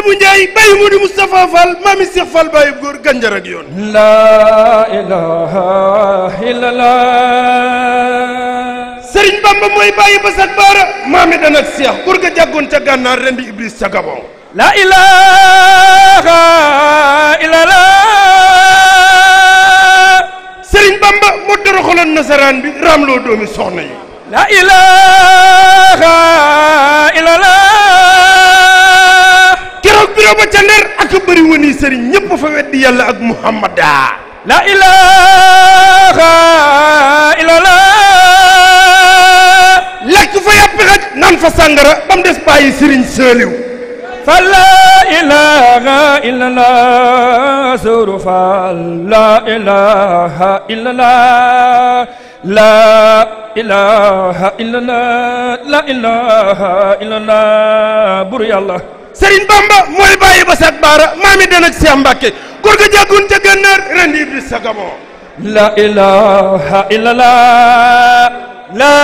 Lebu Njaay bayu mu di Moustapha Fall maami Seex Fall bayu góor gànjar ak yoon laa ilaaha illallah sëriñ Bamba mooy bàyyi basat baara maami dan ak seex ga jàggoon ca gànnaar rendi Iblis ca Gabon laa ilaaha illallah sëriñ Bamba moo doroxaloon nasaraan bi raamloo doomi soxna yi laa ilaaha illallah këri sëriñ ñëpp fa weddi yàlla ak muhammad la ilaha illallah lekk fa yàppi xaj naan fa sàngara fa la ilaha illallah sóoru fa la ilaha la ilaha illallah la Serigne Bamba mooy bàyyi ba set baara maami den ak Seex Mbàkke ca gànnaar ren di Iblis la ilaha illallah la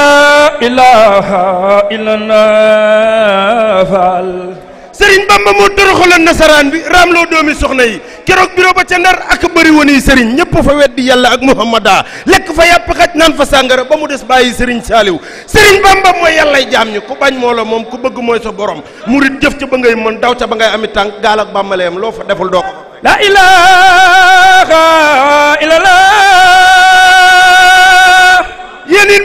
ilaha illallah sëriñ Bamba moo toroxaloon nasaraan bi raamloo doomi soxna yi keroog biro ba ca ndar ak bëri woon yi sëriñ ñëpp fa weddi yàlla ak muhammada lekk fa yàpp xaj naan fa sàngara ba mu des bàyyi sëriñ saaliw sëriñ Bamba mooy yàllay jaam ñu ku bañ moo la moom ku bëgg mooy sa borom murit jëf ca ba ngay mën daw ca ba ngay ami tànk gaal ak bàmmaleem loo fa deful doo ko la ilaha illallah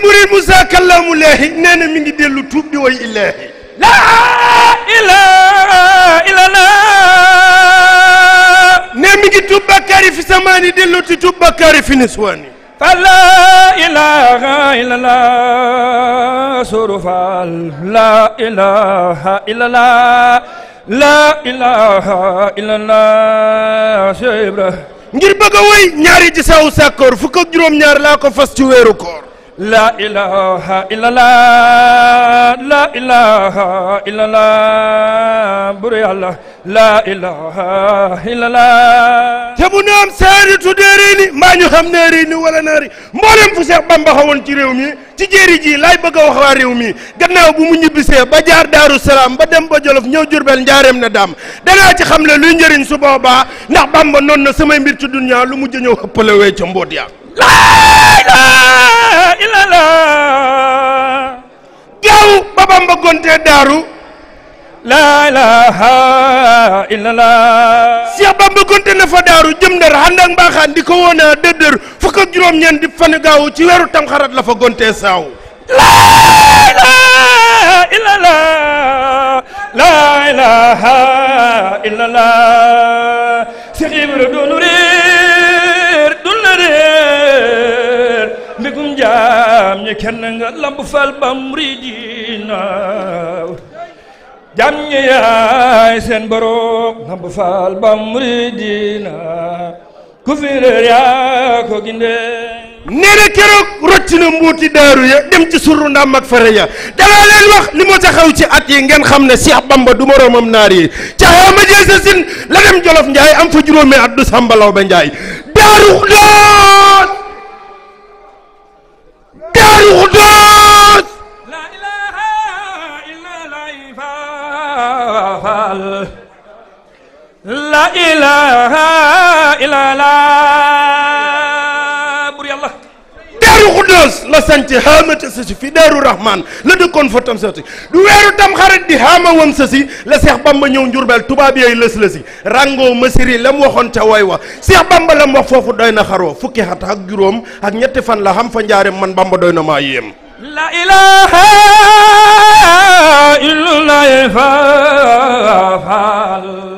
murit Musaa kallaamu leexi nee na mi ngi dellu tuub di woy illaahi fi samaani dellu i tub bakkaari fi niswaani fa laa ilaaha illallah surufal laa ilaaha laa ilaaha illallah Cheikh Ibra ngir bëgg a ñaari ji saw sàkkoor fukk juróom ñaar laa ko fas ci weeru koor لا إله إلا الله لا te bu ñu am saaritu déeréer ni mbaa ñu xam néeréer ni naari mboolem fu Seex Bamba xawoon ci réew mi ci jéeri ji laay bëgg wax waa réew mi gannaaw bu mu ñibbisee ba jaar Daaru ba dem ba Jolof ñëw Jurbel njaareem na daam danaa ci xam le luy njëriñ su boobaa ndax Bamba noonu na samay mbir ci dunya lu mujj ñëw xëppalewee ca mbóot ya gaaw ba Bamba gontee daaru laa ilaha illallah Cheikh Bamba gonte na fa daaru jëm ndar ànd ak mbaaxaan di ko woon a dëddër fukk ak gaaw ci weeru tamxarat la fa gontee saaw laa ilaha illallah laa ilaha illallah Cheikh Ibrahima ñi kenn nga lamb fal bam ridina jam ñi yaay seen bam ridina ku fi réer yaa ko ginde nee keroog rocc na mbuuti daaru ya dem ci suru ndam ak fare ya dalaa leen wax li mu taxaw ci at yi ngeen xam ne Cheikh Bamba du moroomam naar yi ca xaama jee sa sin la dem Jolof Njaay am fa juróomi at du sàmbalaw ba Njaay daaru Daaru Xudoos la ilaha illa la la ilaha illa la quatorze la sanc haamata sasi fi daaru rahman la dëkkoon fa tam sasi du weeru tam xarit di haama woon sasi la Seex Bamba ñëw njurbel tubaab yooyu lës lësi rango masiri la mu waxoon ca way wa Seex Bamba la mu wax foofu doy na xaroo fukki xat ak juróom ak ñetti fan la xam fa njaarem man Bamba doy na maa yéem la ilaha illallah faal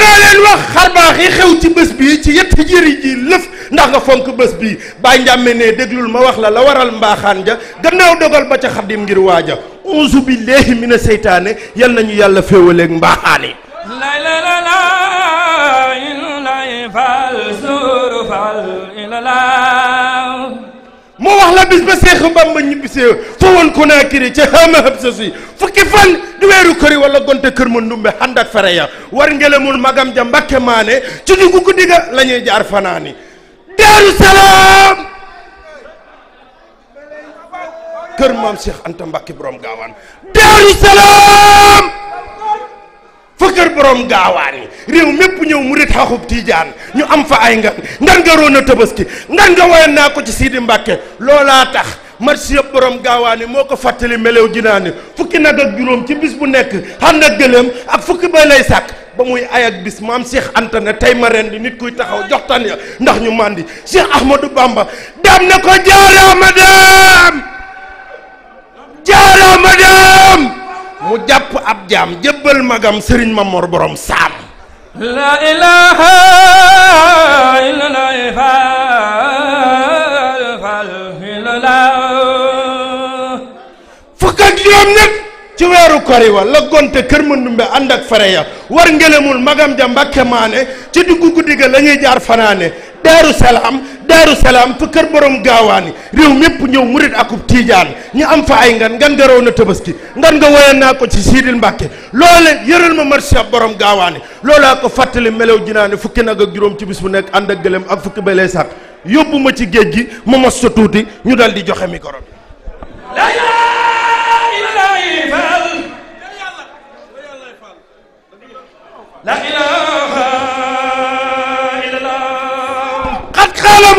danaa leen wax xarbaax yi xew ci bés bii ci yett jëri ji lëf ndax nga fonk bés bii bàyyi njàmme ne déglul ma wax la la waral mbaaxaan ja gannaaw dogal ba ca xaddim ngir waaja auzu billahi mina seytaane yal nañu yàlla féewaleeg mbaaxaan yi la ma wax la bis ba Seex Bamba ñibbisee fa woon Konaakiri ca xaama hab sa suy fukki fan di weeru këri wala gonte kër ma ndumbe xandat fere ya war ngelamul magam ja mbakke maane ci dugg guddi ga la ñuy jaar fanaani Daaru kër maam Cheikh Anta Mbakke borom gaawaan Daaru fa borom gaawaan yi réew mépp ñëw mu rit xaxub tiijaan ñu am fa ay ngan ngan nga roon a tabaski ngan nga woyoon naa ko ci Sidi Mbàkke loolaa tax marché yëpp borom gaawaan yi moo ko fàttali melew naa ne fukki nag ak juróom ci bis bu nekk xànd ak gëléem ak fukki bay lay sàkk ba muy ay ak bis maam seex Anta tey ma ren di nit kuy taxaw joxtan ya ndax ñu màndi Cheikh Ahmadou Bamba daam na ko jaaraama daam jaaraama daam mu jàpp ab jaam jébbal magam sëriñ Mamor borom saam la ilaha illallah fukk ak juróom nag ci weeru kori wa la gonte kër Mandumbe ànd ak fare ya war ngelemul magam ja Mbàkke maane ci diggu guddi ga la jaar fanaane Daaru daaru salaam fa kër borom gaawaani réew mépp ñëw murit akub tiijaan ñu am fa ay ngan ngan nga raw na tabaski ngan nga woyoon naa ko ci siidil mbàkke loole yëral ma marché ab borom gaawaani loolaa ko fàttali melew jinaane fukki nag ak juróom ci bis bu nekk ànd ak gëlëm ak fukki balee sàkk yóbbu ma ci géej gi ma mos sa tuuti ñu dal di joxe micro bi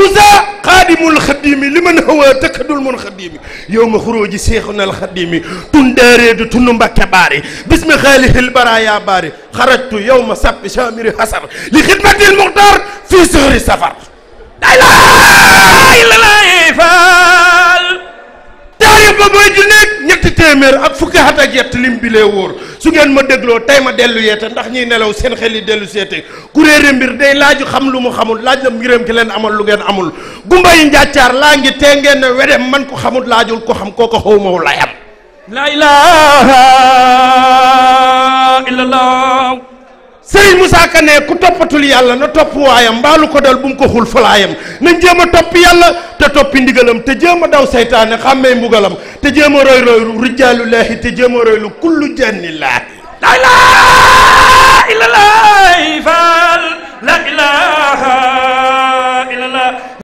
Moussa xaadimul xadimi li man hawa takkadul mun xadimi yow ma xuróoji seexunal xadimi tun daareedu tunu mbakke baari bismi xaalihil baraya baari xarajtu yow ma sappi samiri hasar li xidmatil muxtar fii sëxri safar day laay la lay faal taarix ba mooy téeméer ak fukki su ngeen ma dégloo tey ma dellu yeete ndax ñuy nelaw seen xel yi dellu seete ku réere mbir day laaju xam lu mu xamul laaj la ngiréem ki leen amal lu ngeen amul gumba yi njàccaar laa ngi tee ngeen ne wedem man ko xamul laajul ko xam kooko xaw maw layam la ilaha illallah sëriñ Moussa Ka ne ku toppatul yàlla na topp waayam mbaalu ko dal bu mu ko xul falaayam nañ jéem a topp yàlla te toppi ndigalam te jéem daw seytaane xàmmee mbugalam te jéem a roy roylu rijaalullaahi te jéem a roylu kullu jannillaahi la ilaha illallah fal la ilaha